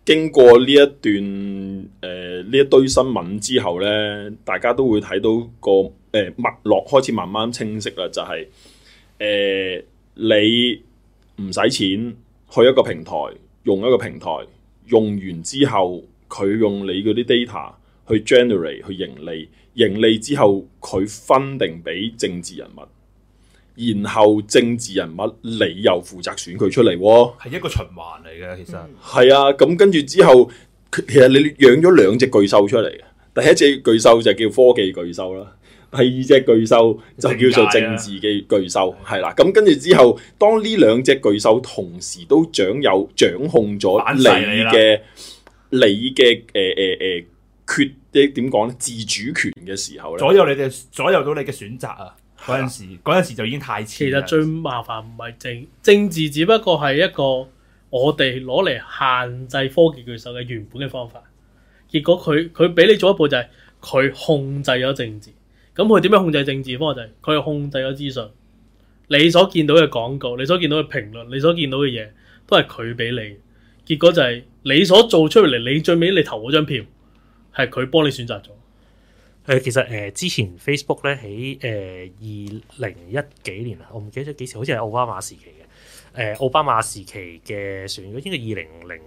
經過呢一段誒呢、呃、一堆新聞之後咧，大家都會睇到個誒脈絡開始慢慢清晰啦，就係、是、誒、呃、你唔使錢去一個平台，用一個平台用完之後，佢用你嗰啲 data 去 generate 去盈利，盈利之後佢分定俾政治人物。然後政治人物你又負責選佢出嚟喎、哦，係一個循環嚟嘅，其實係、嗯、啊。咁跟住之後，其實你養咗兩隻巨獸出嚟嘅。第一隻巨獸就叫科技巨獸啦，第二隻巨獸就叫做政治嘅巨獸，係啦、啊。咁、啊、跟住之後，當呢兩隻巨獸同時都掌有掌控咗你嘅你嘅誒誒誒決的點講咧自主權嘅時候咧，左右你哋，左右到你嘅選擇啊！嗰陣時，嗰陣時就已經太遲。其實最麻煩唔係政政治，政治只不過係一個我哋攞嚟限制科技巨獸嘅原本嘅方法。結果佢佢俾你做一步就係佢控制咗政治。咁佢點樣控制政治？方法就係佢控制咗資訊。你所見到嘅廣告，你所見到嘅評論，你所見到嘅嘢，都係佢俾你。結果就係你所做出嚟，你最尾你投嗰張票，係佢幫你選擇咗。誒，其實誒之前 Facebook 咧喺誒二零一幾年啊，我唔記得咗幾時，好似係奧巴馬時期嘅，誒奧巴馬時期嘅選舉應該二零零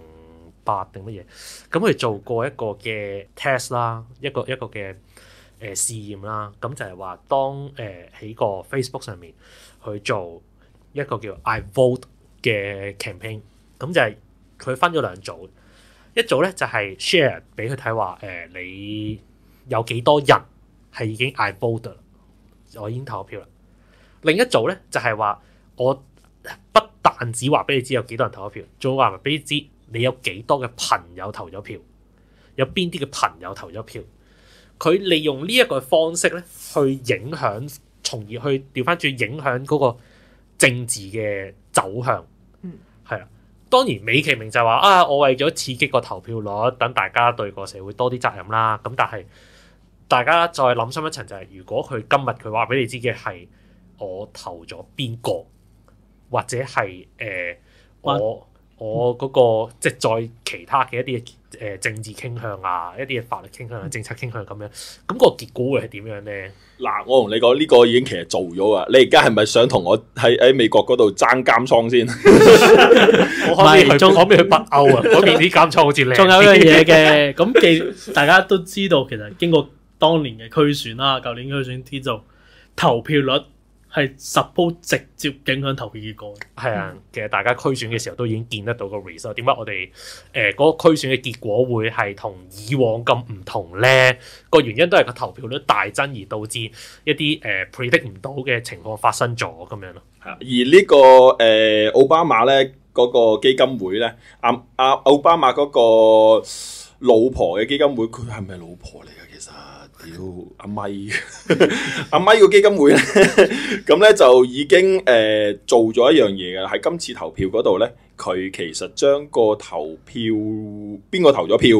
八定乜嘢，咁佢做過一個嘅 test 啦，一個一個嘅誒試驗啦。咁就係話當誒喺個 Facebook 上面去做一個叫 I Vote 嘅 campaign。咁就係佢分咗兩組，一組咧就係 share 俾佢睇話誒你。有幾多人係已經挨 bold e 啦？我已經投票啦。另一組咧就係話，我不但止話俾你知有幾多人投咗票，仲話俾你知你有幾多嘅朋友投咗票，有邊啲嘅朋友投咗票。佢利用呢一個方式咧，去影響，從而去調翻轉影響嗰個政治嘅走向。嗯，係啦。當然美其名就係話啊，我為咗刺激個投票率，等大家對個社會多啲責任啦。咁但係。大家再諗深一層，就係如果佢今日佢話俾你知嘅係我投咗邊個，或者係誒、呃、麼我我嗰、那個即係再其他嘅一啲誒政治傾向啊，一啲嘅法律傾向，啊、政策傾向咁樣，咁、那個結果會係點樣咧？嗱，我同你講呢、這個已經其實做咗啊！你而家係咪想同我喺喺美國嗰度爭監倉先？唔 可唔可以去北歐啊？嗰邊啲監倉好似你。仲有一樣嘢嘅，咁既大家都知道，其實經過。當年嘅區選啦，舊年區選啲就投票率係十分直接影響投票結果。係啊，其實大家區選嘅時候都已經見得到個 result。點解我哋誒嗰個區選嘅結果會係同以往咁唔同咧？個原因都係個投票率大增而導致一啲誒 predict 唔到嘅情況發生咗咁樣咯。係啊、這個，而呢個誒奧巴馬咧嗰、那個基金會咧，阿阿奧巴馬嗰個老婆嘅基金會，佢係咪老婆嚟㗎？其實？阿咪，阿咪個基金會咧，咁咧就已經誒做咗一樣嘢㗎，喺今次投票嗰度咧，佢其實將個投票邊個投咗票，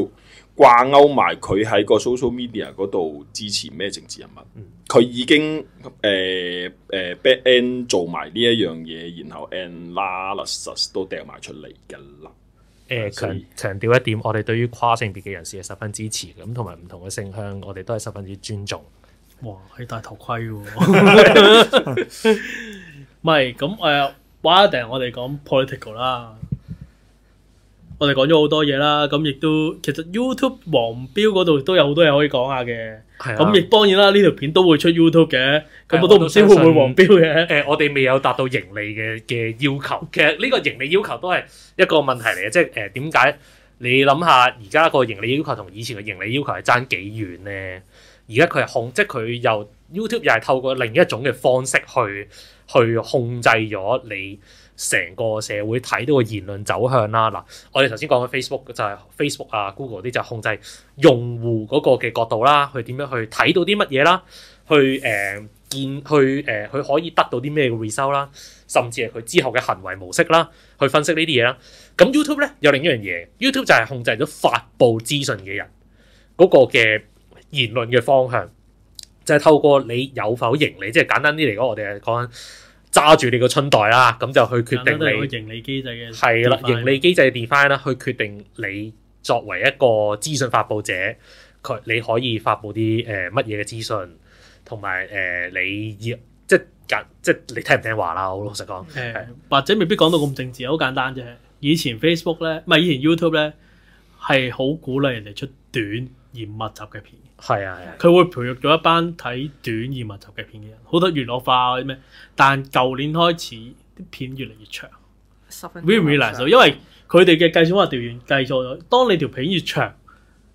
掛勾埋佢喺個 social media 嗰度支持咩政治人物，佢已經誒誒 back end 做埋呢一樣嘢，然後 analysis 都掉埋出嚟㗎啦。誒強調一點，我哋對於跨性別嘅人士係十分支持嘅，咁同埋唔同嘅性向，我哋都係十分之尊重。哇！你戴頭盔喎，啊？唔係咁誒，話，呃，定我哋講 political 啦。我哋講咗好多嘢啦，咁亦都其實 YouTube 黃標嗰度都有好多嘢可以講下嘅。係咁，亦當然啦，呢條片都會出 YouTube 嘅，咁的我都唔知會唔會黃標嘅。誒、呃，我哋未有達到盈利嘅嘅要求。其實呢個盈利要求都係一個問題嚟嘅，即係誒點解你諗下而家個盈利要求同以前嘅盈利要求係爭幾遠咧？而家佢係控，即係佢由又 YouTube 又係透過另一種嘅方式去去控制咗你。成個社會睇到嘅言論走向啦，嗱，我哋頭先講嘅 Facebook 就係 Facebook 啊、Google 啲就控制用戶嗰個嘅角度啦，去點樣去睇到啲乜嘢啦，去、呃、誒見，去誒佢、呃、可以得到啲咩嘅 result 啦，甚至係佢之後嘅行為模式啦，去分析呢啲嘢啦。咁 YouTube 咧有另一樣嘢，YouTube 就係控制咗發布資訊嘅人嗰、嗰個嘅言論嘅方向，就係、係、透過你有否盈利，即係簡單啲嚟講，我哋係講。揸住你個春袋啦，咁就去決定你個盈利機制嘅係啦，盈利機制嘅 define 啦，去決定你作為一個資訊發佈者，佢你可以發佈啲誒乜嘢嘅資訊，同埋誒你要即係即係你聽唔聽話啦，好老實講，或者、呃、是未必講到咁政治，好簡單啫。以前 Facebook 咧，唔、呃、係以前 YouTube 咧，係好鼓勵人哋出短而密集嘅片。係啊，佢會培育咗一班睇短而密集嘅片嘅人，好多娛樂化啊啲咩。但係舊年開始啲片越嚟越長，會唔會難受？因為佢哋嘅計算方法調轉計錯咗。當你條片越長，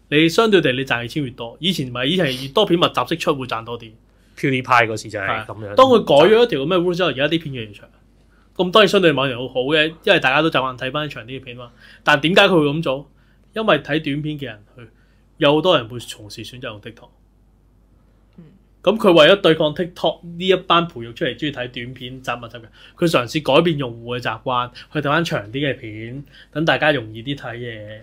你相對地你賺嘅錢越多。以前咪以前係越多片密集式出會賺多啲。《Beauty Page》嗰時就係咁樣。當佢改咗一條咁嘅 rule 之後，而家啲片越嚟越長，咁當然相對某樣好好嘅，因為大家都習慣睇翻長啲嘅片嘛。但係點解佢會咁做？因為睇短片嘅人去。有好多人會從事選擇用 TikTok，咁佢為咗對抗 TikTok 呢一班培育出嚟鍾意睇短片集物集嘅，佢嘗試改變用戶嘅習慣，去睇翻長啲嘅片，等大家容易啲睇嘢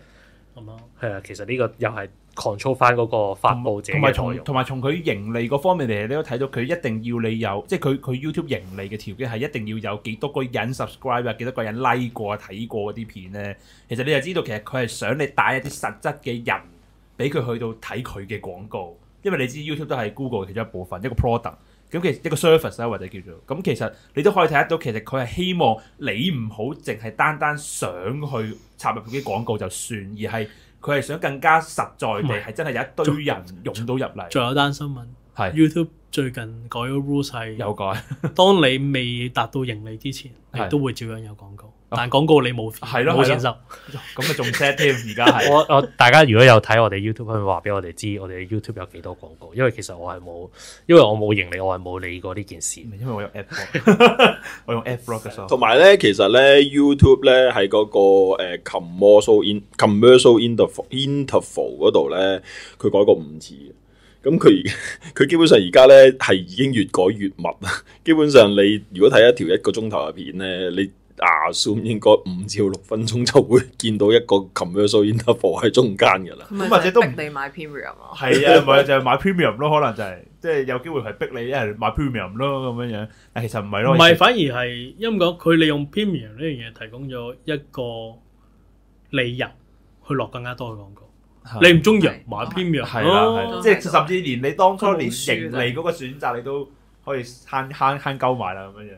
咁咯。係啊，其實呢個又係 control 翻嗰個發布者，同埋從同埋從佢盈利嗰方面嚟，你都睇到佢一定要你有，即係佢佢 YouTube 盈利嘅條件係一定要有幾多個人 subscribe 啊，幾多個人 like 過睇過嗰啲片咧。其實你就知道，其實佢係想你帶一啲實質嘅人。俾佢去到睇佢嘅廣告，因為你知 YouTube 都係 Google 其中一部分，一個 product，咁其實一個 service 啦、啊，或者叫做咁。其實你都可以睇得到，其實佢係希望你唔好淨係單單想去插入佢啲廣告就算，而係佢係想更加實在地係是真係有一堆人湧到入嚟。仲有單新聞是，YouTube 最近改咗 rules 係有改一。 當你未達到盈利之前，你都會照樣有廣告。但廣告你冇，冇錢收咁啊，仲 set 添。而家係我，我大家如果有睇我哋 YouTube，可以話俾我哋知我哋 YouTube 有幾多廣告。因為其實我係冇，因為我冇盈利，我係冇理過呢件事。因為我用 AdBlock，我用 AdBlock。同埋咧，其實咧 YouTube 咧係嗰個 commercial in、呃、commercial interval interval 嗰度咧，佢改過五次。咁佢佢基本上而家咧係已經越改越密。基本上你如果睇一條一個鐘頭嘅片咧，你。亞數應該五至六分鐘就會見到一個 commercial interval，然之後喺中間嘅啦。咁或者都唔地買 premium 啊？係啊，唔係就係買 premium 咯。可能就係即係有機會係逼你一係買 premium 咯咁樣樣。其實唔係咯，唔係反而係因為佢利用 premium 呢樣嘢提供咗一個理由去落更加多嘅廣告。的你唔中意買 premium 係啦的，啊、即係甚至連你當初連盈利嗰個選擇你都可以慳慳慳鳩埋啦咁樣樣。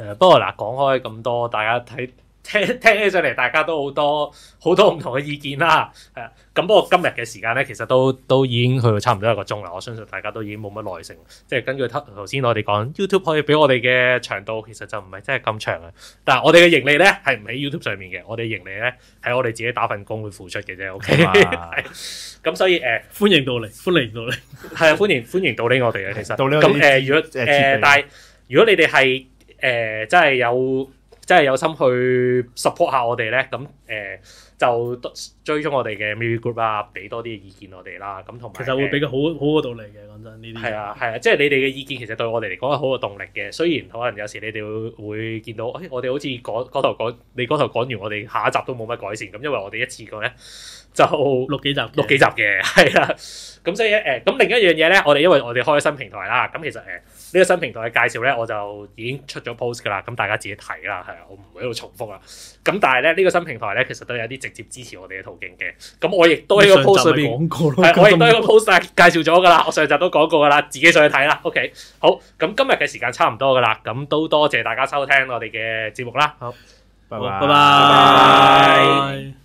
誒，不過嗱，講開咁多，大家睇，聽聽起上嚟，大家都好多好多唔同嘅意見啦。係啊，咁不過今日嘅時間咧，其實都都已經去到差唔多一個鐘啦。我相信大家都已經冇乜耐性，即係根據頭先我哋講 YouTube 可以俾我哋嘅長度，其實就唔係真係咁長嘅。但係我哋嘅盈利咧係唔喺 YouTube 上面嘅，我哋盈利咧係我哋自己打份工會付出嘅啫。OK，咁，所以誒，歡迎到嚟，歡迎到嚟，係啊， 歡迎歡迎到嚟我哋嘅，其實咁誒，如果誒，但係如果你哋係。誒，真係有真係有心去 support 下我哋咧，咁誒就追蹤我哋嘅 Movie Group 啊，俾多啲意見我哋啦，咁同埋其實會俾個好好嘅道理嘅，講真呢啲係啊係啊，即係你哋嘅意見其實對我哋嚟講係好嘅動力嘅。雖然可能有時你哋會會見到，誒我哋好似嗰嗰頭講你嗰頭講完，我哋下一集都冇乜改善咁，因為我哋一次過咧就錄幾集錄幾集嘅，係啊。咁所以誒，咁另一樣嘢咧，我哋因為我哋開新平台啦，咁其實誒。呢個新平台嘅介紹咧，我就已經出咗 post 噶啦，咁大家自己睇啦，係啊，我唔會喺度重複啦。咁但係咧，呢、呢個新平台咧，其實都有啲直接支持我哋嘅途徑嘅。咁我亦都喺個 post 上邊講過，係我亦都喺個 post 介紹咗噶啦。我上集都講過噶啦，自己上去睇啦。OK，好，咁今日嘅時間差唔多噶啦，咁都多謝大家收聽我哋嘅節目啦。好，拜拜。